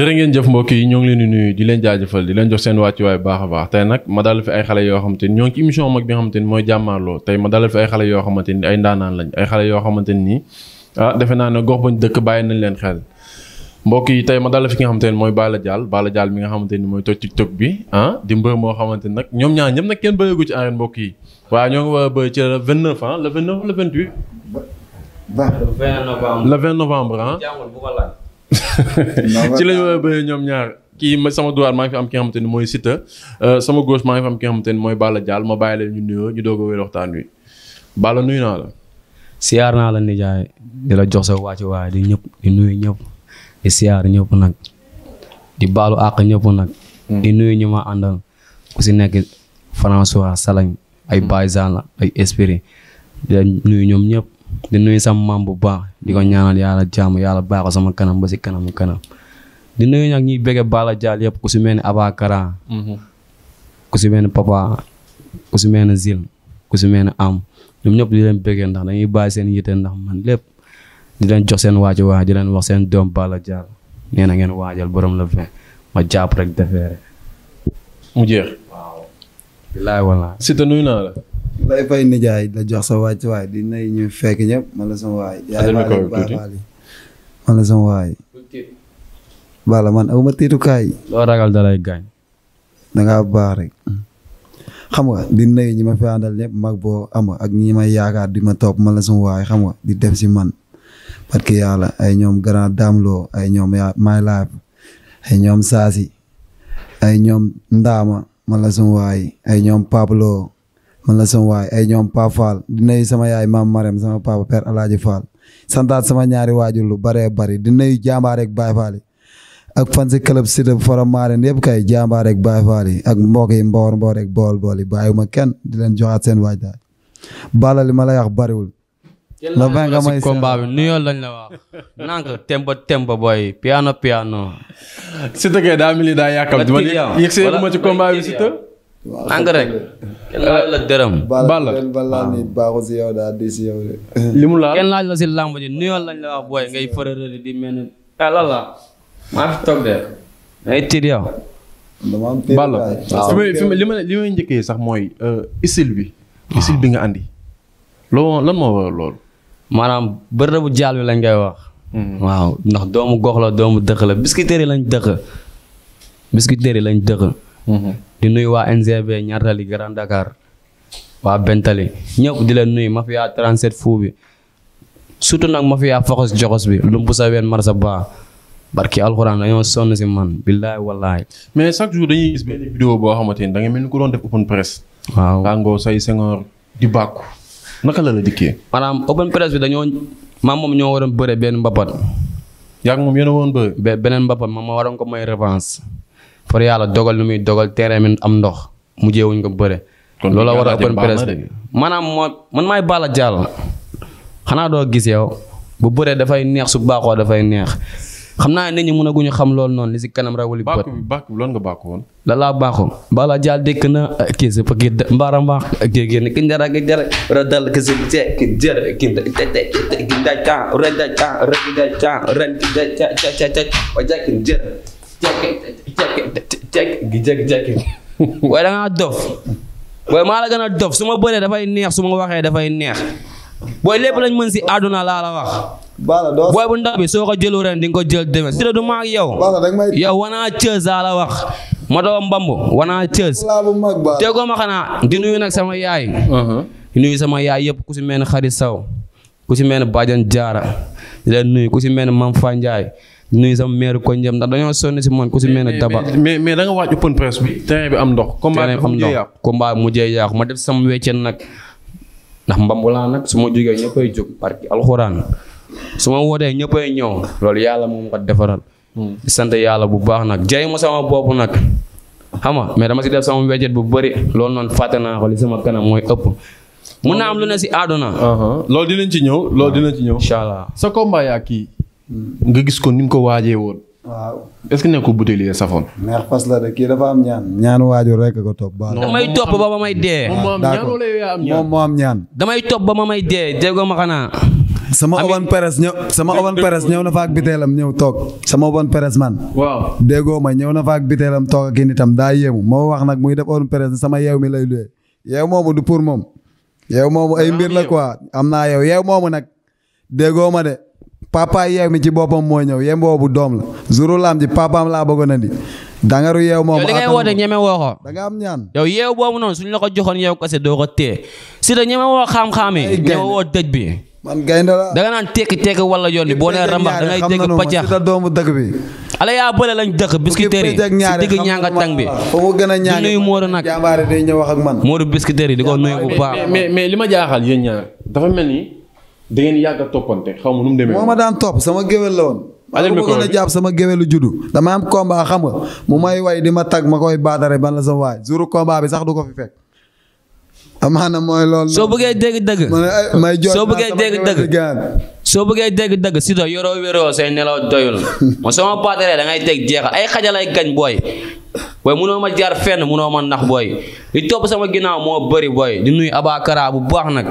jërë ngeen jëf mbokk yi ñoo ngi leen di nuyu di leen jaajëfal di leen jox seen wàccuwaay bu baax a baax tey nag ma dalal fi ay xale yoo xamante ni ay yoo xamante ni ay ndaanaan lañ ay xale yoo xamante ni ah defe naa ne gox bañ dëkk bàyyi nañ leen xel mbokk yi tey ma dalal fi nga xamante ni mooy Balla jaal baala jaal mi nga xamante ni mooy toj TikTok bi ah di mbër moo xamante ni nag ñoom ñaar ñëpp nag kenn bëreegu ci arène mbokk yi waaye ñoo ngi war a bëri ci ci la ñu a bëree ñoom ñaar kii sama droite maa ngi fi am ki nga xamante ni mooy Siteu euh, sama gauche maa ngi fi am ki nga xamante ni mooy Balla Diall ma bàyyi leen ñu nuyoo ñu doog a wéyal waxtaan wi Balla nuyu naa la. siyaar la nijaay di la jox sa wàcc di ñëpp di nuyu ñëpp di siyaar ñëpp nag di baalu àq ñëpp nag. Hmm. di nuyu ñu ma àndal ku si nekk François Salañ ay hmm. Baye Zane ay Esprit di nuyu ñoom ñëpp. di nuyu sama maam bu baax di ko ñaanal yàlla jàmm yàlla baax ko sama kanam ba si kanamu kanam di nuyu nag ñuy bëgg Balla Dial yëpp ku si mel ni Abakara mm-hmm. ku si mel ni Papa ku si mel ni Zil ku si mel ni Am ñoom ñëpp di leen bëggee ndax dañuy baa seen yite ndax ma lépp di leen jox seen waaj waaj di leen wax seen doom Balla Dial nee na ngeen waajal borom la fin ma jàpp rek defeere mu waaw. bilaay walaay. Siteu naa la. nijaay la jox sa wàcc waay di nay ñu fekk ñëpp mala la sama waay yaay man la bala man aw ma tiitukaay loo ragal dalay gaañ dangaa baax rek xam nga di nuyu ñi ma fi àndal mag boo am ak ñi may yaakaar di ma topp man la sama waay xam nga di def si man parce que yàlla ay ñoom grand damloo ay ñoom yaa my life ay ñoom saasi ay ñoom ndaama man la waay ay ñoom Pablo ma la sama waay ay ñoom Pa Fall di nuyu sama yaay maam Marème sama papa père Alaaji Fall santaat sama ñaari waajur lu baree bari di nuyu jàmbaar ak Baay Faal ak fan si club Siteu forom maaren yëpp kay jàmbaar ak Baay Faal yi ak mbokk yi mboor mboor rek bool bool yi ma kenn di leen joxaat seen waajtaay bala li ma lay wax bariwul la vingt nga may combat bi nuyoo lañ la wax nank temba temba booy piano daa mel daa yàkkam di ma yëg see ci combat bi engrais kenn laaj la dërëm. Balla li mu laal kenn laaj la si làmb ji nuyoon lañ la wax booy ngay fërërëri di mel ni. ah la maa fi toog de. ngay tiit yow. dama li may li njëkkee sax mooy euh, isil bi. isil bi nga àndi loo lan moo waral loolu. maanaam bërëbu jaal bi lañ koy wax. Hmm. waaw ndax doomu gox la doomu dëkk la biscuiterie lañ dëkk. biscuiterie lañ dëkk. Hmm. di nuyu waa NGV ñaartali Grand Dakar waa Bentali ñëpp di leen nuyu mafia 37 fou bi surtout nag mafia foxos joxos bi lumbu sa ween marsa ba barki alxuraan dañoo sonn si man billaay wallaay. mais chaque jour dañuy gis benn vidéo boo mel ni ku doon def open press. di bàkku la la dikkee. maanaam open press bi dañoo maam moom ñoo waroon yaa ngi moom yéen a bëre. beneen mbapat moom ma waroon ko may revanche. far yàlla dogal lu muy dogal terrain am ndox mujjee wuñ ko bëre. kon loolu war a open press bi maanaam moo man maay baala Diallo xanaa doo gis yow bu bëree dafay neex su baaxoo dafay neex xam naa nit ñi mënaguñu xam loolu noonu li si kanam rawali bët. bàkku bi bàkku loolu nga bàkku woon. la laa baaxoo Balla Diallo dëkk na kii si kii mbaara mbaax kii génn ki njara ki jara ra dal ki si je ki jër ki ki daj kan ren daj kan ren ki daj kan ren ki daj ca ca ca ca ca ki jër jékki-jékki waaye da ngaa dof waaye maa la gën dof su ma bëree dafay neex su ma waxee dafay neex booy lépp lañ mën si àdduna laa la wax. baala doo booy bu ndaw bi soo ko jëlu ren di nga ko jël demee si du ma ak yow. yow wanaa cës laa la wax. ma doon mbambu wanaa cës. te ko ma nuyu nag sama yaay. Uh-huh. di nuyu sama yaay yëpp ku si mel ne xarit saw ku si mel ne Badiane Diarra di ku si mel ne Mame Fandiaye nuyu sama maire ko njëm ndax dañoo sonn si man ku si mel ne daba. mais mais da nga waaj open press bi. terrain bi am ndox. combat bi am ndox combat bi ma def sama weccen nag ndax mbambulaa nag su ma jógee ñëppay jóg barki loolu yàlla moom ko defaral. Hmm. sant yàlla bu baax nag jaay ma sama bopp nag. xam nga mais dama si def sama wecceet bu bëri loolu noonu fàtte naa ko li sama kanam mooy ëpp. mun naa am lu ne si àdduna. Uh-huh. loolu dinañ ci ñëw loolu dinañ ci ñëw. incha allah sa combat yaa kii nga gis ko ni mu ko waajee woon. waaw est-ce que nekkul butéel yi safoon. neex fas la de kii dafa am ñaan. ñaanu waajur rek ko topp. ba damay topp ba ma may dee. moom moo am ñaan damay topp ba ma may dee déggoo xanaa. sama oban peres ñëw sama oban ñëw na fa ak biteelam ñëw toog sama oban peres man. waaw déggoo ma ñëw na fa ak biteelam toog ak i nitam daa yéemu moo wax nag muy def oban peres sama yeew mi lay luwee. yeew moomu du pour moom. yeew moomu ay mbir la quoi am naa yeew yeew moomu nag déggoo papa yeew mi ci boppam moo ñëw yem boobu doom la juru laam ji papaam laa bëggoon a di dangaru yeew moom li ngay woo ko da nga am ñaan yow yeew boobu noonu suñ la ko joxoon yow kese doo ko si da ñeme woo xam-xaamee ñeme woo dëj bi man da naan tekki tekki wala yoon bi boo nee rambax da ngay dégg paccax si doomu dëkk bi ala yaa bële lañ dëkk biscuiterie si digg ñaanga tang bi foofu gën a ñaan nuyu Modou nag jàmbaare day wax man Modou biscuiterie di ko nuyu bu baax mais li ma jaaxal yéen ñaar dafa mel ni da ngeen yàgg a toppante xaw ma nu mu demee. moo ma daan topp sama géwél la woon. ajal ma gën a jàpp sama géwélu juddu. dama am combat xam nga mu may way di ma tag ma koy baatare ban la sa waay jouru combat bi sax du ko fi fekk. amaana mooy loolu. soo bëggee dégg dëgg. Eh, may jooy soo bëggee dégg dëgg. soo bëggee dégg dëgg si do yoroo wéroo say nelaw doyul. ma sama baatare da ngay teg jeexal ay xajalay gañ booy. booy munoo ma jaar fenn munoo ma nax booy. li topp sama ginnaaw moo bëri booy di nuyu abakara bu baax nag.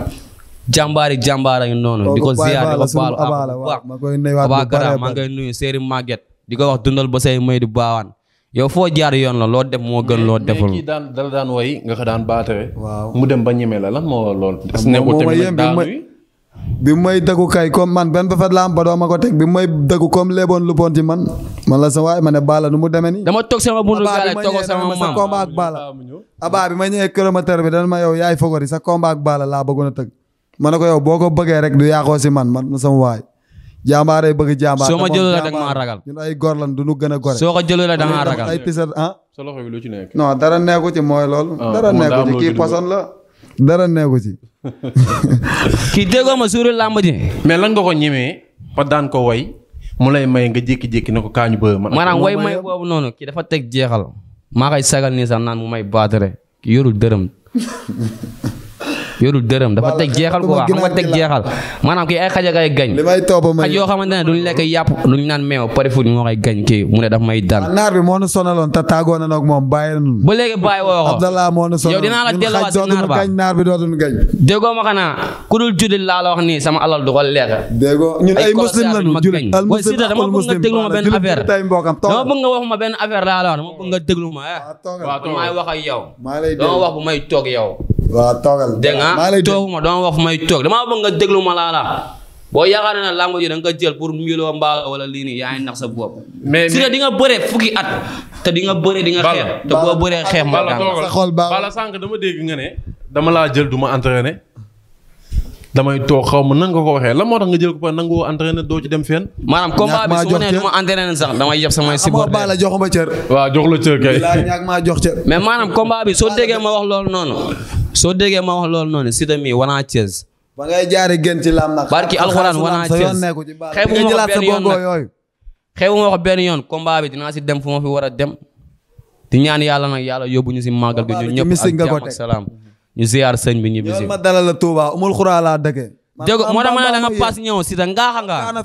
jàmbaari jàmbaar ak noonu. di ko ziar di ko baalu ak bu baax abaa gara maa ngay nuyu Serigne Maguette ba say may di baawaan yow foo jaar yoon la loo def moo gën loo deful. kii ko daan ba ñeme la lan moo lool. bi may dëggu kay comme man benn bafet la am ba doo a ko teg bi may dëggu comme léeboon lu ponti man man la sa waay ma ne Balla nu mu demee nii. dama toog sama buntu gaale toog sama maam abaa bi ma ñëwee kilomètre bi dana ma yow yaay fogori sa combat ak Balla laa bëggoon a tëgg man ne ko yow boo ko bëggee rek du yàqoo si man man sama waay jaambaare bëgg jaambaar. soo ma jëloo la da nga maa ragal. ñun ay góor lan du ñu gën a gore. soo ko jëloo la da nga ay pisat ah. sa loxo lu ci nekk. non dara nekku ci mooy loolu. Ah, dara la. dara nekku ci. kii déggoo ma suuru làmb ji. mais lan nga ko ñemee ba daan ko way mu lay may nga jékki-jékki ne ko kaañu bëri. maanaam way noonu kii dafa teg jeexal. maa koy sagal nii sax naan mu may baatare. kii yorul dërëm. yorul dërëm dafa teg jeexal quoi xam nga teg jeexal maanaam kii ay xaj ak ay gañ xaj yoo xamante ne duñ lekk yàpp duñ naan meew pare fu moo koy gañ kii mu ne daf may daan ah, naar bi moo nu sonaloon te tàggoon na ak moom bàyyi ba léegi bàyyi woo ko yow dinaa la delluwaat si naar ba gañ naar bi ma xanaa ku la wax nii sama alal du ko lekk déggoo ñun ay muslim lañu dama bëgg nga déglu ma benn affaire dama bëgg nga wax ma benn affaire laa la dama bëgg nga déglu ma eh ah, waaw maay wax ak may toog yow waaw toogal dégg nga tooguma dama wax may toog damaa bëgg nga déglu ma laa la boo yaakaar ne làmb ji da nga jël pour milo mbaa wala lii nii yaa sa bopp. mais di nga bëre fukki at. te di nga bëre di nga xeex te boo bëree xeex ma xool bala sànq dama dégg nga ne dama laa jël duma ma entraîné damay toog xaw ma nan nga ko waxee la moo tax nga jël ko ba nangoo entraîné doo ci dem fenn. maanaam combat bi su sax damay yeb samay ah, supporter. amoo Balla joxuma cër. waaw jox la cër kay. ñaag maa jox mais maanaam combat bi soo déggee ma wax loolu noonu soo déggee ma wax loolu noonu Siteu mi wanaa Thiès. ba ngay jaaree gën ci lam nag. ko benn yoon nag xeebu ko benn yoon combat si dem fu ma fi war a dem. di ñaan yàlla nag yàlla yóbbu ñu si màggal gi ñu ñëpp ak jàmm ak salaam ñu ziar sëñ bi ñibbi si. ma dalal la Touba umul xuraa laa dëkkee. dégg ma ne la nga paas ñëw si ta ngaa xam nga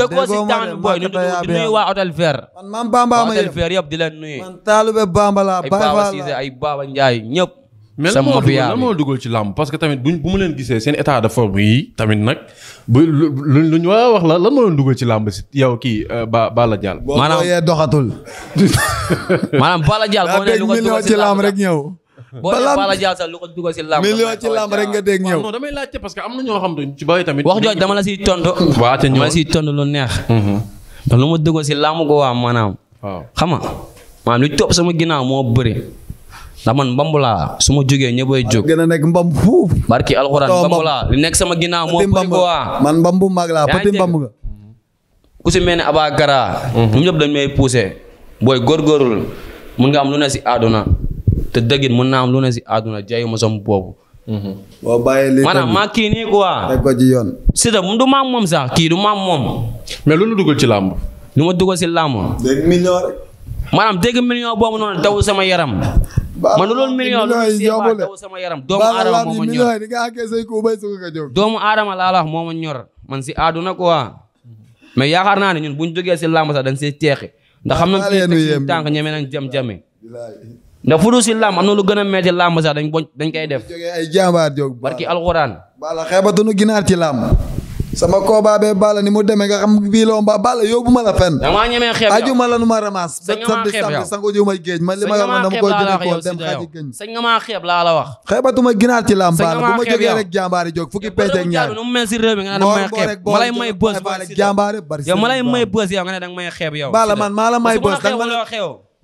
dëggoo si taan booy ñu di waa hôtel vert man bamba ma ay baaba Cissé ay baaba Ndiaye ñëpp sama mais lan moo dugal ci làmb parce que tamit buñ bu mu leen gisee seen état de forme yi tamit nag lu lu ñu war a wax la lan moo ci làmb si yow kii euh, Ba Balla Diall. maanaam boo doxatul. maanaam Balla Diall boo nee lu ko dugal ci làmb rek ñëw. boo nee Balla Diall sax lu ko nga dégg ñëw. non damay laajte parce ñoo xam ne ci bari tamit. wax jooj dama la siy tontu. waa te dama la lu neex. ndax mm-hmm. ma dugal si làmb go waa maanaam. waaw xam nga maanaam sama ginnaaw moo bëri. ndax man mbambu su ma jugee ñëppay jóg. gën a nekk mbambu fuuf. barki alxuraan mbambu laa nekk sama ginnaaw moo waa. man mbambu mag laa petit mbambu nga. ku si mel ne Abakara. ñoom mhm. ñëpp dañ may poussé. booy góorgóorlu mun nga am lu ne si àdduna te dëggit mun naa am lu ne si àdduna jaay ma sama boobu. boo bàyyee lii maa kii nii quoi. si da du maam moom sax kii du maam moom. mais lu nu dugal ci làmb. lu ma dugal si làmb. dégg million maanaam dégg million boobu noonu daw sama yaram. ma ne loolu million lu seeba daw sama yaram doomu aadama moo ma ñor ko bay su ko moo ma ñor man si aaduna quoi mais yaakaar naa ne ñun buñ jógee si làmb sax dañ see teexi ndax xam nañ fi tànk ñeme nañ jam jame ndax fu dul si làmb am na lu gën a metti làmb sa dañ boñ dañ koy def jógee ay jàmbaar jóg barki alxuraan bala xeebatuñu ginaar ci làmb sama koobaa bee Balla ni mu demee nga xam bii la ba bala yóbbu ma la fenn. damaa ñemee aju ma la nu ma ramas. sëñ nga maa xeeb yow ma géej man li ma yor dama koy jënd ko laa la wax. xeebatuma ginaar ci làmbaar bu ma jógee rek jàmbaari jóg fukki peete xeeb ma lay may bës yow ma lay may bës yow nga xeeb yow. Balla man maa la may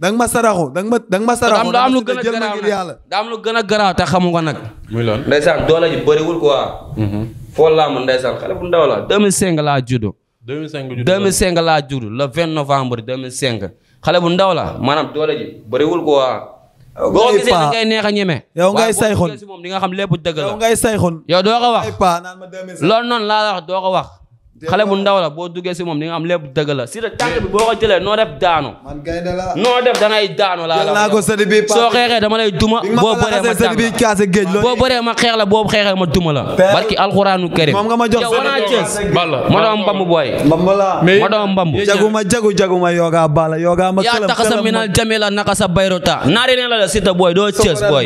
da nga ma saraxu da nga ma da nga ma saraxu daa am lu gën a garaaw nag daa am lu gën a garaaw te xamu ko nag. muy loolu ndeysaan doole ji bëriwul quoi. Mhm. foo laamu ndeysaan xale bu ndaw la 2005 laa judd. 2005 judd 2005 laa judd le 20 novembre 2005 xale bu ndaw la maanaam doole ji bëriwul quoi. boo gisee da ngay neex a ñeme. yow ngay sayxoon waaye boo gisee si moom di nga xam lépp dëgg la. yow ngay sayxoon. yow doo ko wax. loolu noonu laa la wax doo ko wax. xale bu ndaw la boo duggee si moom li nga am lépp dëgg la si tànk bi boo ko jëlee noo def daanu. man gaynde la noo def da ngay laa la. jël naa ko sëriñ ma tànk la boo bëree ma xeex la boo xeexee ma duma la. barki ma jox ma doon mbambu booy. mbambu ma doon mbambu. jaguma jagu bala yoga ma. këlëm këlëm yaa taxasa minal jamila nakasa bayrota naari ne la la sita booy doo cës booy.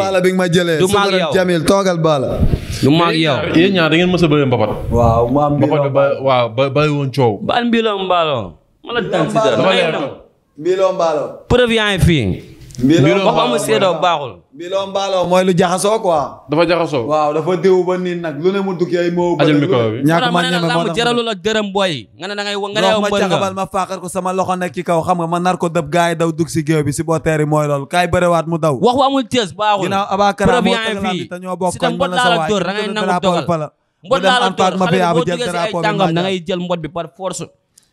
du maag yow toogal bala du maag yow. yéen ñaar da ngeen mës a bëre mbapat. waaw waaw baal mbiiloo mbaaloo. ma la tànn si dara dafa leer mbiiloo mbaaloo. preuve yaa ngi fii. mbiiloo mbaaloo amul seedoo baaxul. mbiiloo mbaaloo mooy lu jaxasoo quoi. dafa jaxasoo. waaw dafa déw ba nii nag lu ne mu dugg yaay moo. ajal micro bi ñàkk man ñeme moo tax jaralu la dërëm booy. nga ne da ngay nga ne yow mbër nga ma jaxabal ma faaxal ko sama loxo nekk ci kaw xam nga ma nar ko dëb gaay daw dugg si géew bi si booteer yi mooy loolu kaay bërewaat mu daw. wax bu amul tees baaxul. ginnaaw abakara moo tëgg laa bi te ñoo bokk koñ mën la sa waay mbot laa la dóor xale boo jógee si ay tàngam jël mbot bi par force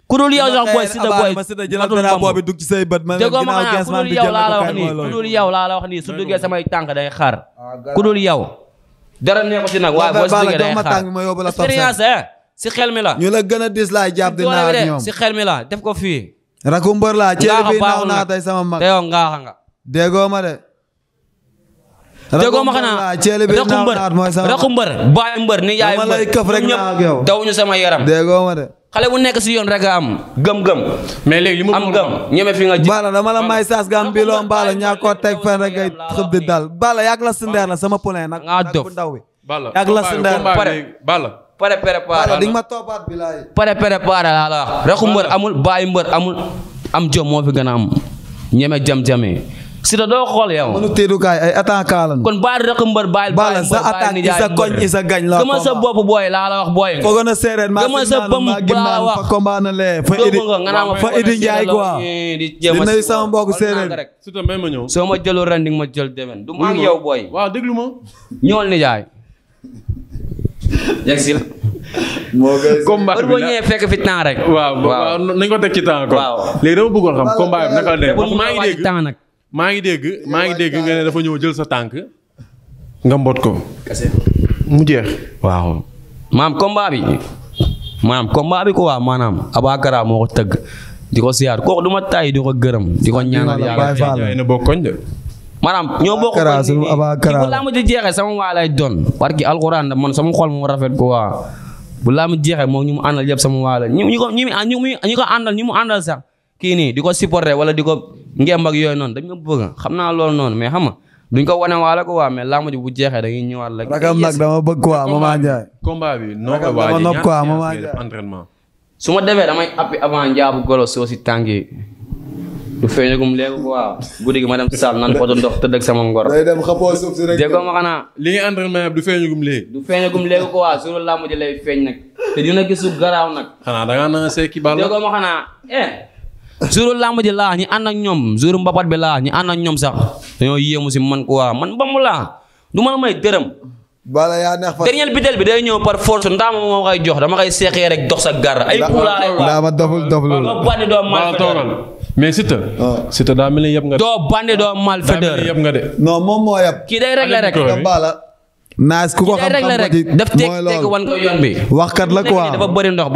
ku dul yow sax booy si da booy ma déggoo ma xanaa ku dul yow laa la wax nii ku la wax nii su duggee samay tànk day xaar ah, ku dul yow dara nee ko si waaye boo si duggee si xel ñu la gën a dis laay jàpp di naa ñoom si xel def ko fii raku mbër laa ceeb bi naaw naa sama mag te yow ngaaxa nga de déggoo ma xanaa rakku mbër rakku mbër baayu mbër ni yaayu mbër ñoom ñëpp sama yaram déggoo ma de xale bu nekk si yoon rek am gëm-gëm. mais léegi li ma am gëm ñeme fi nga ji. Balla dama la koo teg fen rek ngay dal Balla yàgg la sundeer la sama poulain nag. ngaa dof Balla yàgg la sundeer pare Balla. pare pare pare ma toppaat bi laa la wax. rakku mbër amul baay mbër amul am jom moo fi gën a am ñeme jam-jamee. Siteu doo xool yow. mënu teedukaay ay attaquant lañu. kon baal rek mbër baal baal sa attaque isa koñ isa gañ la gëmal sa bopp booy laa la wax booy. foog na séeréer maa gëmal sa bëm laa wax fa combat na lee fa idi fa idi njaay quoi eh, di nuyu sama mbokk séeréer. Siteu may ma ñëw. soo ma jëlul ren di ma jël demen du ma ak yow booy. waaw déglu ma. ñool ni jaay. yegg si la. moo koy combat bi boo ñëwee fekk fi temps rek. waaw waaw nañ ko teg ci temps quoi. léegi dama bëggoon xam combat bi naka la demee maa ngi dégg maa ngi dégg maa ngi dégg nga ne dafa ñëw jël sa tànk. nga mbot ko. mu jeex. waaw maam combat bi maam combat bi quoi maanaam Abakara moo ko tëgg di ko siyaar kooku du ma di ko gërëm di ko ñaanal yàlla jaay na bokkoñ de. maanaam ñoo bokk ko bu laamu di jeexee sama waa lay doon parce que alxuraan man sama xol moo rafet ko waa bu laamu jeexee moom ñu mu àndal yëpp sama waa la ñu ñu ko àndal ñu mu àndal sax. kii nii di ko supporter wala di ko ngemb ak yooyu noonu dañ ko bëgg xam naa loolu noonu mais xam nga duñ ko wane waale ko waa mais làmb ji bu jeexee dañuy ñëwaat la. rakam nag dama bëgg quoi Mama Ndiaye. combat ko waajee ñaar quoi su ma defee damay appi avant njaabu golo soo si tànk yi du feeñ rek mu léegi quoi guddi gi ma dem saal naan foto ndox tëdd ak sama ngor. day dem xapoo suuf si rek. ma xanaa. du feeñ rek léegi. du feeñ rek léegi quoi lay feeñ nag te dina gisu garaaw nag. xanaa da ngaa naan see kii baal la déggoo jour làmb ji laa ñi ànd ak ñoom jour mbapat bi laa ñi ànd ak ñoom sax dañoo yéemu si ko quoi man ba mu laa du ma la may dërëm. bala yaa neex bi day ñëw par force ndaama moo koy jox dama koy seexee rek dox sa gar ay puulaa ay waa ma doful doful mais ah. Siteu. daa mel ni yëpp nga. doo bandi doo malfaiteur daa mel ni yëpp nga de. non moom moo yëpp. kii day réglé rek. naas ku ko xam xam ko ci mooy loolu waxkat la quoi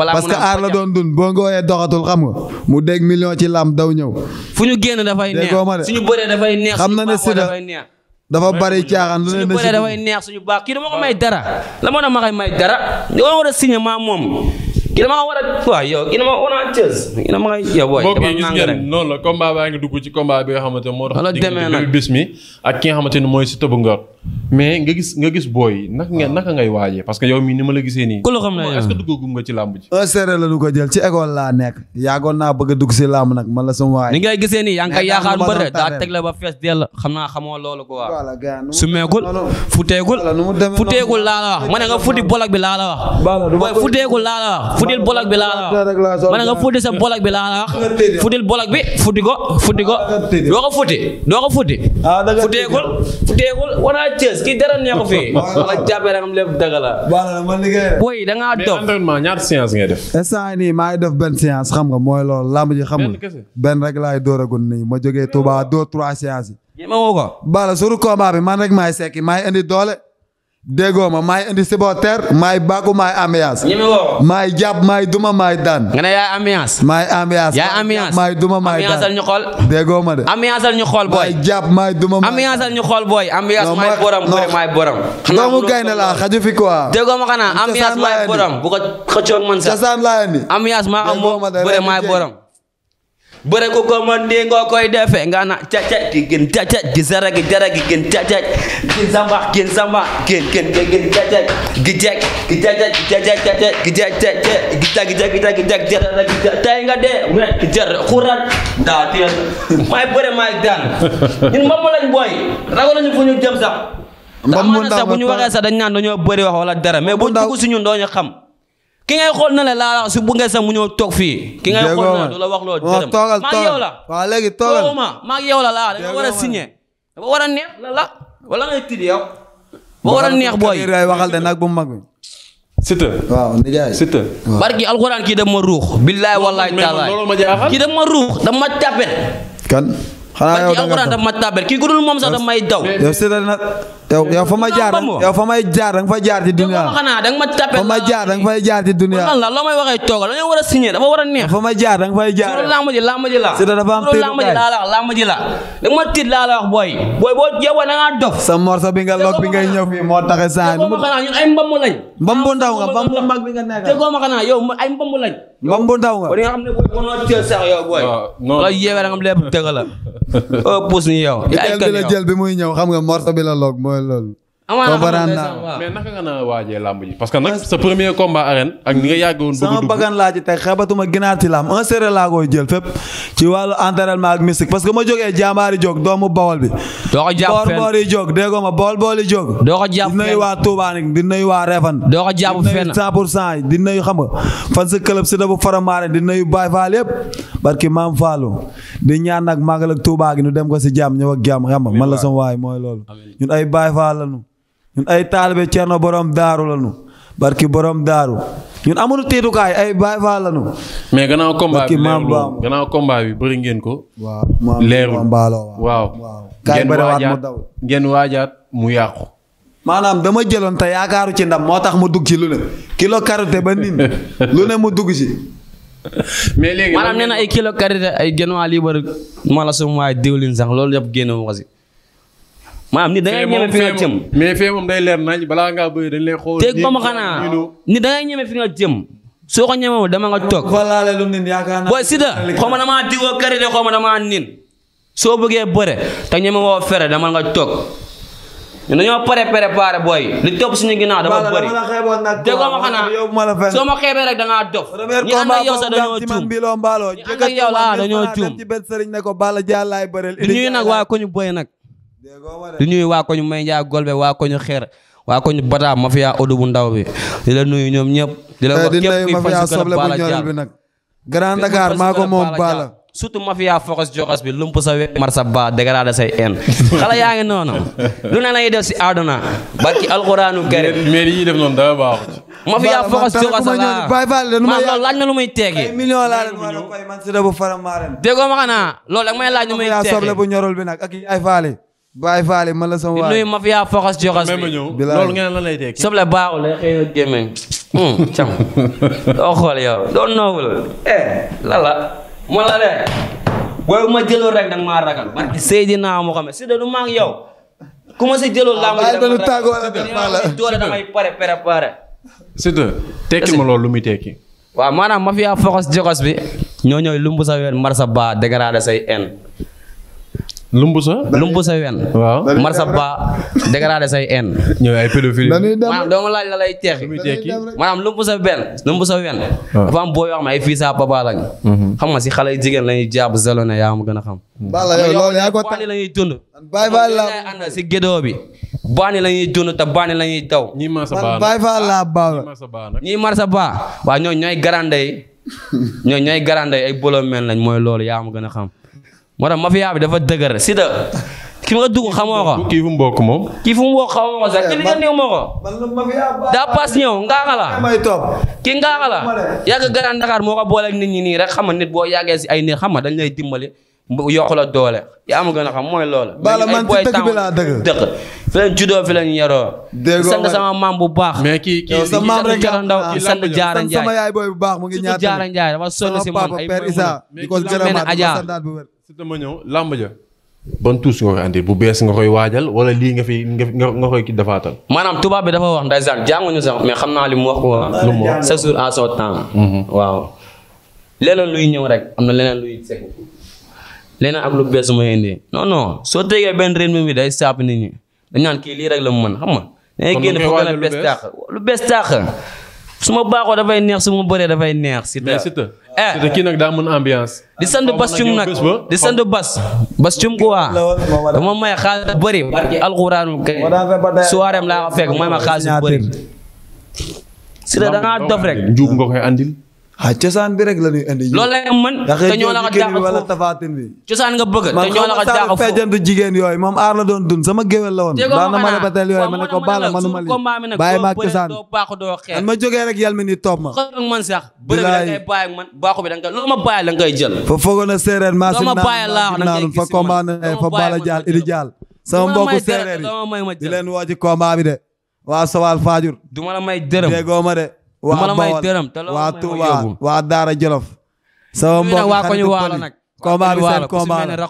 parce que aar la doon dund boo nga wooyee doxatul xam nga mu dégg million ci lam daw ñëw. fu ñu génn dafay neex suñu bëree dafay neex xam na ne sida dafa bari caaxaan lu ne na si suñu bëree dafay neex suñu baax kii dama ko ah. may dara la moo tax ma koy may dara da war a signé maa moom. ki damaa war a waaw yow ki dama war a cës ki dama yow booy dama nang rek noonu la combat baa ngi dugg ci combat bi nga xamante ne moo tax demee mi ak ki nga xamante ne mooy si tëb ngor mais nga gis nga gis booy naka ngay waajee parce que yow mii ni ma la gisee nii ku la xam ne nga ci ci a dugg si làmb nag man la sama waay ni ngay gisee nii yaa yaakaar mbër daa teg ba fees dell xam naa xamoo loolu ko waaw su meekul futeekul futeekul laa la wax ma ne nga futi bolok bi laa la wax futeekul laa la wax fuddil bolok bi laa wax ma ne nga sa bolok bi laa wax fuddil bolok bi fuddi ko fuddi ko doo ko futti doo ko futti futteekul futteekul wanaa cës kii dara nee ko fii wala jàppee rek am lépp dëgg la woy da ngaa dof ñaata séance ngay def instant nii maa ngi def benn séance xam nga mooy loolu làmb ji xam nga benn rek laay dóoragul nii ma jógee Touba deux trois séances yi ma woo bala suru combat bi man rek maay sekki maay indi doole déggoo ma maay indi supporter maay bàkku maay ambiance. ñi woo. maay jàpp maay duma maay daan. nga yaay ambiance. maay ambiance. yaay ambiance maay duma maay daan ambianceal ñu xool. déggoo ma de. ambianceal ñu xool booy. maay maay duma maay. ambianceal maay borom bëri maay borom. xanaa fi quoi. déggoo ma xanaa ambiance maay borom bu ko xëccoon casaan laa indi. ambiance maa am bëri maay borom. bëre ku ko mën di nga koy defe nga na caca gi gën caca gi sara gi jara gi gën caca gi zambax gi zambax gën gën gi gën caca gi jeg gi caca gi caca gi jeg gi jag gi jag gi jag gi jag jara nga dee we gi jar xurat ndaa teel may bëre may daan ñun mbamb lañ booy ragal nañu fu ñu jëm sax mbamb ndaw sax bu ñu waxee sax da naan dañoo bëri wax wala dara mais bu dugg si ñun doo ñu xam ki ngay xool na la laa bu bëggee sax mu ñëw toog fii. ki ngay xool na la la wax loo gërëm maa ngi la. waaw léegi toogal yow la laa dafa war a si dafa war a neex la la wala ngay ba war a neex booy waxal de nag bu mag bi. Siteu waaw nijaay Siteu. barki alxuraan kii daf ma ruux. billaay wallaay taalaay kii daf ma ruux daf ma tapet. kan xanaa yow barki alxuraan daf ma tapet kii gudul moom sax daf may daw. yow yow yow fa ma jaar yow fa may jaar danga fa jaar ci dunya danga ma tapé fa ma jaar danga fay jaar ci dunya la loo may waxee toogal dañoo war a signé dafa war a neex fa ma jaar danga fay jaar loolu lamb ji la la lamb la danga ma tiit laa la wax booy booy boo yeewoo da ngaa sa morso bi nga log bi ngay ñëw sa ñu ay mbambu lañ mbambu ndaw nga mbambu mag bi nga nekk te goma xanaa yow ay mbambu da nga lépp dëgg la pousse ni yow ay kan la jël bi morso bi la log loolu comprendre mais naka parce que nag sa premier combat arène ak ni nga yàggoon bëgg sama bakkan laa que ma jógee jàmbaari jóg doomu bawol bi doo ko jàpp fenn boor boor yi jóg déggoo bool bool yi jóg doo ko jàpp fenn di nuyu waa Touba nag di waa Refan fan sa club si da bu faramaare di nuyu Baye Fall yëpp barki maam Fallou di ñaan nag màggal ak gi ñu dem ko si jàmm ñëw ak jàmm xam man la sama waay mooy loolu ñun ay Baye Fall lañu ñun ay taalibe Cerno borom daaru lañu barki borom daaru ñun amuñu tiitukaay ay baay faa lañu. mais gannaaw combat bi leerul ngeen ko. waaw leerul waaw. kaay bëriwaat mu daw waajaat mu yàqu. maanaam dama jëloon te yaakaaru ci ndam moo tax mu dugg ci lu ne kilo karité ba nin lu ne mu dugg ci. mais léegi maanaam nee ay kilo karité ay genn waa liibar ma la sama waay diwlin sax loolu yëpp génn ko si. maanaam nit da ñeme fi nga jëm. mais fee ma xanaa nit da ngay ñeme fi ko ñemewu dama nga toog. walaale lu booy sida xaw ma damaa diwoo de xaw ma nin. soo bëggee bëre te ñeme woo fere dama nga toog. ñun dañoo pare préparé booy li topp suñu ginnaaw dafa bëri dégg nga ma xanaa soo ma xeebee rek da ngaa ñi ànd ak yow dañoo tuum ñi ñuy nag waaye ko ñu booy di nuyu waa koñu may njaay golbe waa koñu xeer waa koñu bata mafia odu bu ndaw bi di la nuyu ñoom ñëpp di la eh, wax képp kuy fay si kër Balla Dial bi nag Grand Dakar maa ko moom Balla surtout mafia focus joxas bi lump sa we marsa ba dégradé say en xale yaa ngi noonu lu ne lañuy def si àdduna barki alxuraanu karim mais li ñuy def noonu dara baaxut mafia focus joxas la ma loolu laaj na lu muy teegi million laa leen war a koy man si da bu faramaaren déggoo ma xanaa loolu ak may laaj nu muy teegi soble bu ñorul bi nag ak ay faale Baay Faal ma la sama waay nuyu mafia foxas joxas lay teg soble baaxul eh, xëy na gémmeñ hmm, cam doo oh, xool yow doo noowul eh ma la de booy ma jëloon rek danga maa ragal barki Seydina Muhammad si de du maa ngi yow ku ma si jëloon ah, laa ma jël doole damay pare pare pare surtout tekki ma loolu lu muy tekki waaw maanaam mafia foxas joxas bi ñoo ñooy lumbu sa ween marsa ba dégradé say en Lumbusa. sa wen. waaw Marsa Ba. dégradé say en. ñooy ay pédophile. dañuy dem laaj la lay teexi. maanaam Lumbusa benn Lumbusa wen. dafa am boo yoo xam ay fii sa papa lañ. Mhm. xam nga si xale jigéen lañuy jàpp zalone yaa ma gën a xam. bala yow loolu yaa ko baani la ñuy dund. baay la ànd si gédoo bi. ñuy dund te baani la ñuy daw. ñii Marsa Ba baay baay la baaw la. ñii Marsa Ba. waaw ñooñu ñooy garande ñooy garande yi ay bolomeen lañ mooy lool yaa ma gën a xam moo tax mafia bi dafa dëgër Siteu ki nga dugg xamoo ko. kii fu mu bokk moom. kii fu mu bokk xamoo ko sax eh, ki li nga néew moo ko. daa paas ñëw ngaaxa la. ki ngaaxa la yàgg Grand Dakar moo ko booleeg nit ñi nii rek xam nga nit boo yàggee si ay nit xam nga dañ lay dimbali yokk la doole yaa ma gën a xam mooy loolu. bala man ci dëkk bi laa dëkk dëkk. fi leen juddoo fi sama maam bu baax. mais kii kii sa maam rek ndaw sant jaara njaay sama yaay bu baax mu ngi ñaata si dama ñëw làmb ja. ban tuus nga koy andi bu bees nga koy waajal wala lii nga fi nga koy ki dafaatal. maanaam tubaab bi dafa wax ndeysaan jànguñu sax mais xam naa li mu wax ko lu mu wax chaque jour en son temps. Mhm. waaw leneen luy ñëw rek am na leneen luy sekk leneen ak lu bees mooy indi non non soo tegee benn nit ñi dañ naan kii lii rek la mën xam nga. génn foo gën a bees taax su ma baaxoo dafay neex su ma bëree dafay neex. si Eh. te kii nag di sant bas cum nag di sant bas bas cum ku waa dama may xaalis bu bëri barki alxuraanu laa ko fekk may ma xaalis si da dangaa dof a ah, cosaan bi rek la ñuy indi. loolu la man te ñoo la ko jaaxal foofu bi. cosaan nga bëgg te ñoo la ko jaaxal man jigéen yooyu moom aar la doon dund sama géwél la woon. daan na ma rebatel yooyu ma ne ko baal ma nu ma lii bàyyi ma ak cosaan man ma jógee rek yal mi ni topp ma. xëy man sax bëre bi da ngay bàyyi ak man baaxu bi da ngay loo ma bàyyi la na séeréer maa si naan fa combat na fa bala jaal idi jaal sama mbokku séeréer yi di leen woo de waa Sawal Faajur. du ma la may dërëm déggoo ma de waa Bawol waa Touba waa Daara Jolof. sama mbokk xaritu pël combat bi seen combat la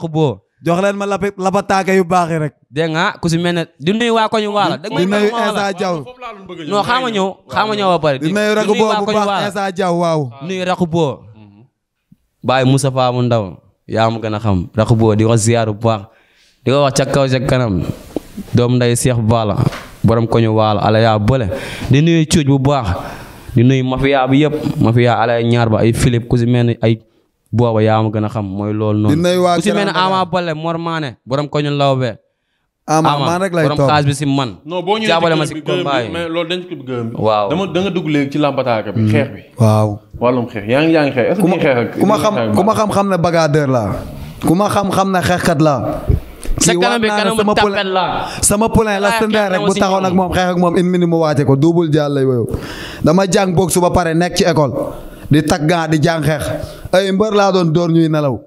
jox leen ma lap lapataaka yu baax rek. dégg nga ku si mel ne di nuyu waa koñu waala. di nuyu Insa Diaw non xaama ñëw ba rakk boo bu baax Insa mu ndaw yaa ma gën a xam rakk boo di ko ziar bu baax di ko wax ca kaw ca kanam doom nday Cheikh Bala borom koñu waala ala yaa bële di nuyu cuuj bu baax. di nuyu mafia bi yëpp mafia alay ñaar ba ay Philippe ku si mel ni ay booba yaa a gën a xam mooy loolu noonu ku si mel ni Ama Baldé Mor Mané borom ko ñu law be ama xaas bi si man. non ma si combat yi dugg léegi ci lambataaka bi mm. xeex bi. waaw wàllum xeex yaa ngi yaa ngi xeex est-ce que ku ma xam ku ma xam xam ne bagadeur laa ku ma xam xam ne xeexkat laa kii waa naa sama poulain sama la ah, standard rek bu taxaw nag moom xeex ak moom une minute mu waate ko double jàll lay woyow dama jàng boog su ba pare nekk ci école di taggan di jàng xeex ay mbër laa doon door ñuy nelaw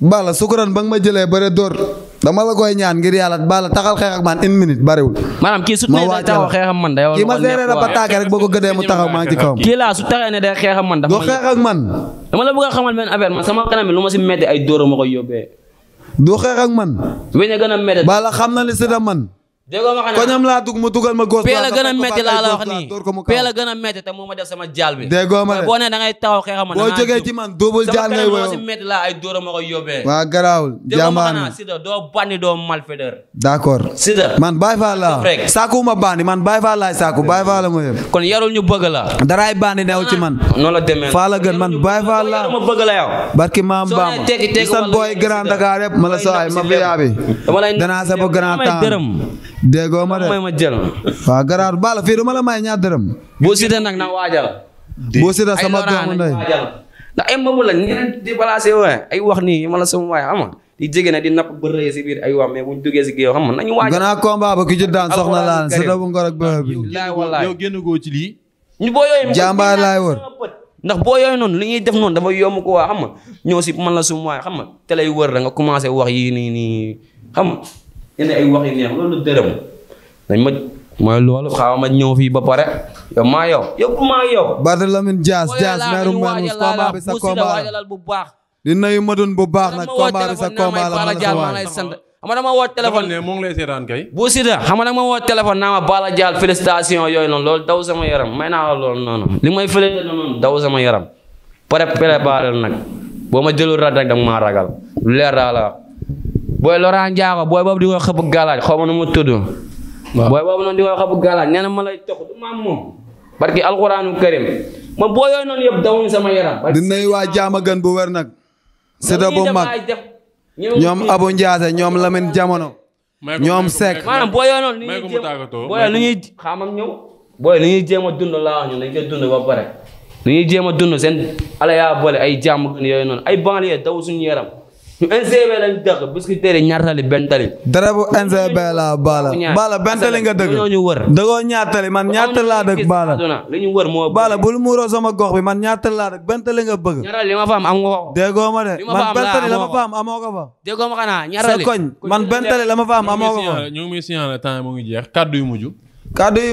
bala sukuran ba nga ma jëlee bëre door dama la koy ñaan ngir yàlla bala taxal xeex ak man in minute bariwul. maanaam kii su tawee taxaw xeexam man day kii ma seeree la ba taake rek boo ko gëdee mu taxaw maa ngi ci kawam. kii laa su taxee ne day xeexam man dafa. du xeex ak man. dama la bëgg a xamal benn affaire man sama kanam lu ma si metti ay dóor ma koy yóbbee. du xeex ak man. weñ a gën a mel. bala xam na ne Siteu man. déggoo ma xanaa laa dugg mu ma góos. peel a gën a métti laa la wax a gën a métti te moo ma def sama jaal bi. déggoo ma de boo nee da ngay taxaw man double jaal ngay wéyoo ma koy yóbbee. man Baye Fall laa saaku ma bandi man Baye Fall saaku Baye Fall la kon yarul ñu bëgg la. daraay bandi neew ci man. Ah, noonu la demee Fall la gën man Baye Fall barki maam Bamba san booy Grand Dakar yëpp ma la ay ma fi yaabi danaa sa ba grand temps déggoo ma de may ma jël. waaw garaar baal fii du ma la may ñaar dërëm. boo sita nag na waajal. boo sita sama doomu ndey ndax ay mbabu la ñeneen di placé waaye ay wax nii ma la sama waay xam nga di jege na di napp ba rëy si biir ay wax mais xam nga nañu waajal. gannaaw combat ba ki ci daan soxna laan si dabu ngor ak ci lii. ñu boo yooyu jàmbaar laay wër. ndax boo yooyu noonu li ñuy def noonu dafa yomb ko waa xam nga ñoo si man la suma waay xam nga te wër la nga commencé wax yii nii nii xam indi ay wax yu loolu dërëm dañ ma mooy loolu xaw ma ñëw fii ba pare yow maa yow yow maa yow Barthélémy Dias Dias meeru Mermoz combat bi sa combat la bu baax di nuyu Madoune bu baax nag combat bi sa combat la ma la sa waay xam woo téléphone ne moo ngi lay seetaan kay bu sida xam nga dama woo téléphone naa ma Balla Dial félicitation yooyu noonu loolu daw sama yaram may naa la loolu noonu li may félicité noonu daw sama yaram pare préparé nag boo ma jëlul rat rek danga maa ragal lu leer daa booy Laurent Ndiago booy boobu di ko xëpp galaaj xaw ma nu mu tudd. booy boobu noonu di ko xëpp galaaj nee na ma lay tox du maam moom. parce que alxuraanu karim ma boo yooyu noonu yëpp dawuñ sama yaram. di nuyu waa jaama gan bu wér nag. c' est bu mag ñoom Abou Ndiasse ñoom Lamine jamono. ñoom Seck maanaam boo yooyu noonu. may ko boo yooyu nu ñuy xaamam ñëw. jéem a dund laa wax ñu dañ koy dund ba pare. lu ñuy jéem a dund seen ala yaa boole ay jàmm yooyu noonu ay banlieue daw suñ yaram NCB lañ dëkk Biscuiterie ñaar tali benn tali. dara bu NCB laa baala. baala benn tali nga dëkk. dëggoo ñaar tali man ñaar tali laa dëkk baala. baala bul muuroo sama gox bi man ñaar laa dëkk benn tali nga bëgg. ñaar tali li ma fa am am nga ko. déggoo ma de man benn tali la ma fa am ko fa. déggoo ma xanaa ñaar tali sa koñ man benn tali la am amoo ko fa. ñu ngi ngi jeex kàddu yu mujj. kàddu yu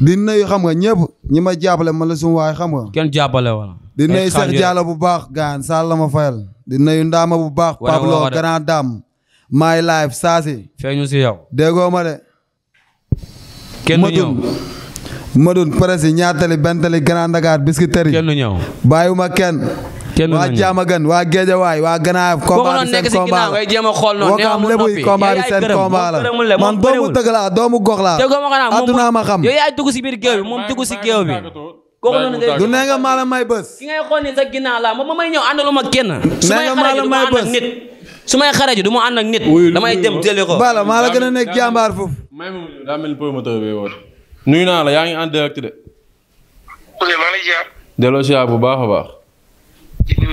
di nuyu xam nga ñëpp ñi ma jàppale man la suñu waay xam nga. kenn jàppale wala. di nuyu Cheikh Diallo bu baax gaan sal la ma fayal di nuyu ndaama bu baax. Pablo grand dame. my life saasi. feeñu si yow. déggoo ma de. kenn du ñëw Madun Prési ñaatali bentali Grand Dakar Biscuiterie. kenn du ñëw. bàyyiwuma kenn. kenn waa jaama gën waa géeja waay waa gannaay combat bi seen combat la wakaam lébuy combat bi seen combat la doomu tëgg laa doomu gox laa addunaa si biir géew bi kooku noonu du nee nga may bës ki ngay xool sa ginnaaw laa ma ma may ñëw àndaluma ma ànd su may xaraju du ma ànd nit damay dem jëli ko bala maala la gën a nekk jàmbaar foofu may moom daa mel promoteur bi woon nuyu naa la yaa ngi en direct de delloo siyaar bu baax a baax ñu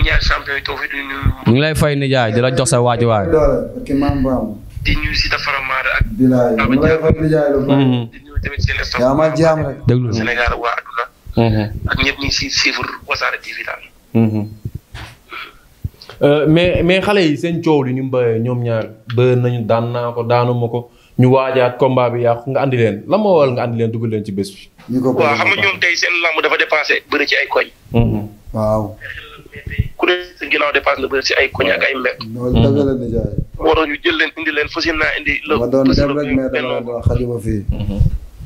ngi lay fay nijaay di la jox sa waaj waay di Mm-hmm. ak ñëpp ñi si suivre Wassare TV mm-hmm. euh, mais mais xale yi seen coow li ñu mbéyee ñoom ñaar bëri nañu daan naa ko daanuma ko ñu waajaat combat bi yàqu nga andi leen lan moo waral nga andi leen dugg leen ci bés bi. ñu ko waaw xam nga ñoom tey seen lamb dafa dépassé bëri ci ay koñ. Mm-hmm. waaw. ku ne a ginnaaw dépassé la bëri ci ay koñ ak ay mbéb. moo tax ñu jël leen indi leen fas yéene naa indi. ma doon dem rek mais dama xajuma fii.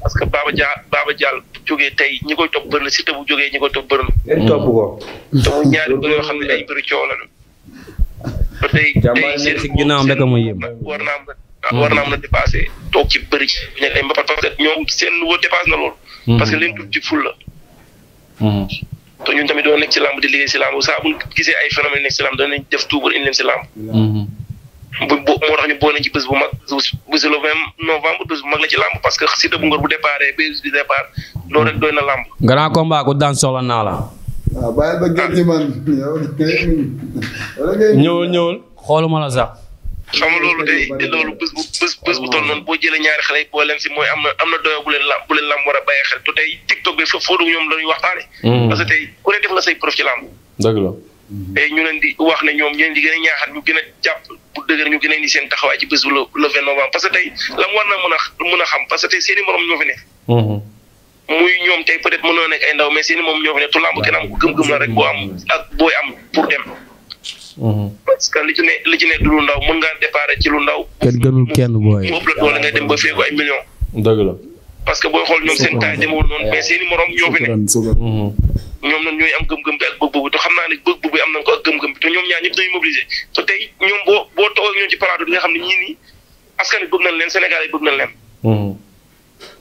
parce que Baba Dia Baba Dial bu jógee tey ñi koy topp bëri na Siteu bu jógee ñi koy topp bëri na. ko. te mu ñaari mbir yoo xam ne ay mbiru coow la ñu. ba tey tey seen war naa am na war naa am na dépassé toog ci bëri ñu ay mbapat parce que ñoom seen niveau dépassé na loolu. Mm-hmm. parce que leen tudd ci ful la. Mm-hmm. te ñun tamit doon nekk ci làmb di liggéey si làmb saa gisee ay phénomène nekk si làmb danañ def tuubu indi leen si làmb. Mm-hmm. bu bo moo tax ñu boole ci bés bu mag bés le novembre bés bu mag la ci làmb parce que Siteu bu Ngor bu départ bés bi départ loolu rek na làmb. grand combat ah, nga loolu day bu bés bés bu boo jëlee ñaari xale yi boo leen si na am na doyoo lam bu leen lam war a ñoom la ñuy waxtaane. Hmm. parce que tey ku ne def na say preuve ci làmb. dëgg la. tey ñu leen di wax ne ñoom ñu leen di gën a ñaaxal ñu gën a jàpp. dëgër ñu gën a indi seen taxawaay ci bés bu le parce que tey la mu war na a mën xam parce que tey seen i morom ñoo fi ne mhm. muy ñoom tey peut être mënoo nekk ay i moom ñoo fi ne tu lamb kenn am booy am pour dem mhm. parce que li ci ne du lu ndaw mën ngaa déparé ci lu ndaw kenn booy ëpp la doole ngay dem ba feegu ay millions parce que booy xool ñoom seen taay demewul noonu mais seen i morom ne mhm. ñoom nag ñooy am gëm-gëm bi ak bëgg-bëgg te xam naa ne bëgg-bëgg bi am nañ gëm te ñoom ñaar ñëpp dañuy mobiliser te tey ñoom boo boo toog ak ñoom ci plateau bi nga xam ne ñii nii askan wi bëgg nañ leen Sénégal yi bëgg nañ leen. Mm-hmm.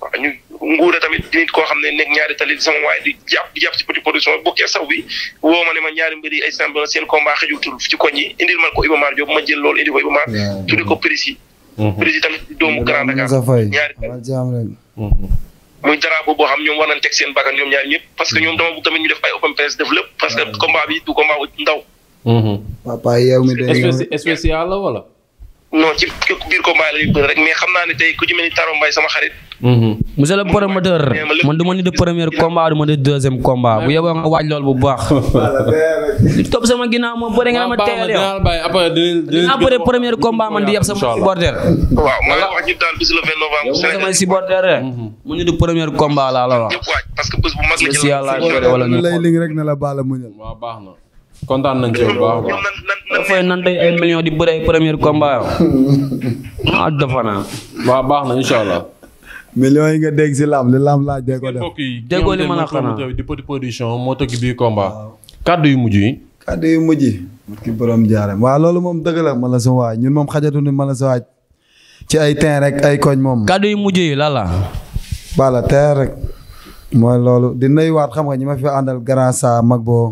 waaw ñu nguur tamit di nit koo xam ne nekk ñaari tali di sama waaye di jàpp di jàpp ci petit production bi bokkee bi woo ma ne ma ñaari mbir yi ay champion seen combat xëjutul ci koñ yi indil man ko Iba Mar Diop ma jël loolu indi ko Iba Mar tudde ko prési mm-hmm. prési tamit doomu Grand Dakar muy drapeau boo xam ñoom war nañ teg ñoom ñaar ñëpp parce que ñoom dama bëgg tamit ñu def ay open press def parce que combat bi du combat bu ndaw. Mhm. papa yow mi day spécial la wala. no ci biir combat la ñuy bëri xam naa ne tey ku ci mel ni Taro Mbaye sama xarit. Mhm. monsieur ma ni de ma ni de deuxième bu yeboo nga waaj lool bu baax. li ma teel yow après premier combat man di yab sama supporter. waaw eh. ma mhm. la mu ñu parce que bu mag la ci la wala rek na la baala muñal waaw baax na. kontaan nañ ci bu baax a baax. fay nan tey naa. waaw baax na incha allah. millions yi nga dégg si laam li laam laaj dee ko def. déggoo li mën a xanaa kàddu yu mujj yi. kàddu yu mujj yi. ki borom jaarem waaw loolu moom dëgg la mala sa waaj ñun moom xajatu ni mala sa waaj ci ay teen rek ay koñ moom. kàddu yu mujj yi lala. bala teen rek. mooy loolu di nuyuwaat xam nga ñi ma fi àndal grand sa mag boo.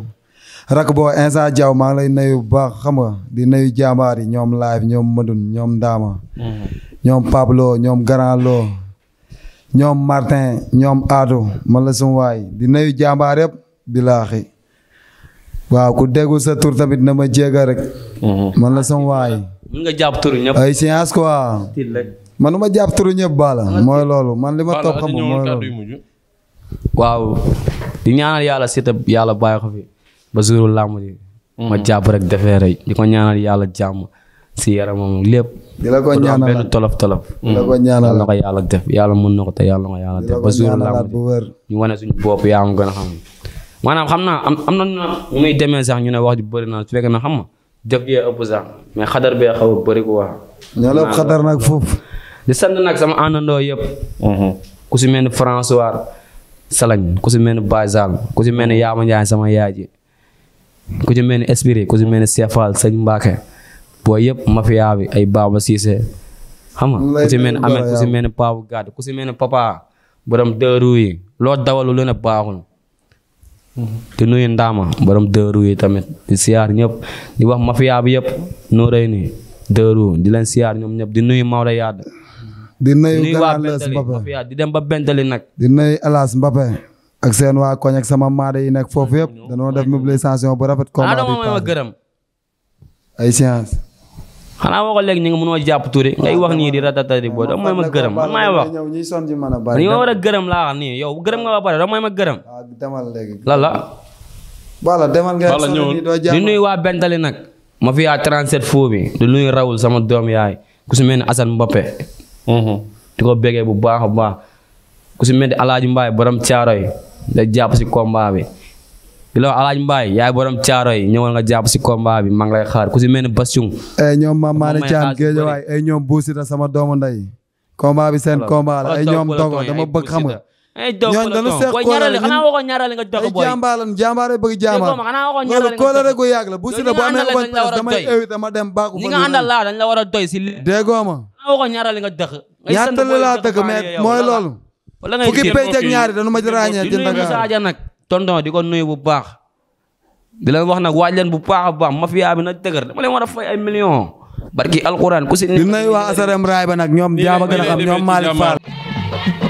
rak boo instant jaaw maa lay nuyu bu baax xam nga di nayu jàmbaar yi ñoom live ñoom Madoune ñoom Ndaama. Mm-hmm. ñoom Pablo ñoom Grand Lo ñoom Martin ñoom Ado man la sum waay di nayu jàmbaar yëpp bilaaxi waaw ku déggu sa tur tamit na ma jéega rek. Mm-hmm. man la sum waay. mën nga jàpp turu ñëpp. ay science quoi. man ma jàpp turu ñëpp baala ah, mooy loolu man li ma topp xam mooy loolu. waaw di ñaanal yàlla Siteu yàlla bàyyi ko ba jour làmb ji ma mhm. jàpp rek defee rek di ko ñaanal yàlla jàmm si yaramam lépp. di la ko ñaanal benn tolof tolof. di la ko mhm. ñaanal na ko yàlla def yàlla mën na ko te yàlla na ko yàlla def. ba jour làmb ji ñu wane suñu bopp yaa ma gën a xam. maanaam xam naa am am na nu muy demee sax ñu ne wax ji bëri na su fekkee na xam ma jëf jee ëpp sax mais xadar bee xaw a bëri quoi. ñoo la nag foofu. di sant nag sama àndandoo yëpp. Mhm. ku si mel ni François Salañ ku si mel ni Baye ku si mel ni Yaama Ndiaye sama yaay ku ci mel ni Esprit ku ci mel ni Sefal sëñ Mbacke yëpp mafia bi ay Baba Cissé xam ku ci mel ni Amet ku ci mel ni Pape ku ci mel ni Papa borom dëru loo dawalu lu ne baaxul te nuyu ndaama borom dëru yi tamit di siyaar ñëpp di wax mafia bi yëpp noo rëy nii dëru di leen siyaar ñoom ñëpp di nuy Maodo Yade di nuyu waa Bentali nag di nuyu Alas Mbappé ak seen waa koñ ak sama maade yi nekk foofu yëpp danoo def mobilisation bu rafet. combat bi Adama ma gërëm. ay séance. xanaa waxoon léegi ñu ngi mënoo jàpp tuuri ngay wax nii di ratatari boo dama ma gërëm man maay wax. ñu war a gërëm laa xam nii yow gërëm nga ba pare dama ma gërëm. Ah, demal léegi. lala. voilà demal nga di nuyu waa Bentali nag. ma fi yaa 37 fou bi. di nuyu Rawul sama doom yaay ku si mel ni Assane Mbappé. Mhm. di ko bégee bu baax a baax ku si mel ni Alaaji Mbaay borom caaro yi la jàpp si combat bi di la wax alaaj mbaay yaay borom caaro yi ñëwal nga jàpp si combat bi maa ngi lay xaar ku si mel ni Bassirou. Eh, ñoom maam Maane Thiam Géejawaay ay eh, ñoom buusita sama doomu nday combat seen combat la eh, ñoom dogo dama bëgg xam nga. ñooñu dañu seex kóolare ñun ay buusita bu amee open press damay dem bàqu fa. ñi nga àndal laa dañ la war mooy loolu wala ngay fukki pej ak ñaari danu ma ràññee di nuyu Moussa Dia nag tonton di ko nuyu bu baax di leen wax nag waaj leen bu baax a baax mafia bi na dëgër dama leen war a fay ay millions barki alquran ku si di nuyu waa raay ba nag ñoom jaaba gën a ñoom Malick Fall